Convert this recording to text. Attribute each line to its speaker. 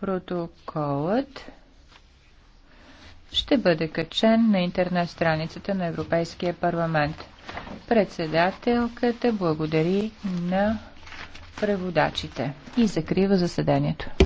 Speaker 1: Протоколът ще бъде качен на интернет страницата на Европейския парламент. Председателката благодари на преводачите и закрива заседанието.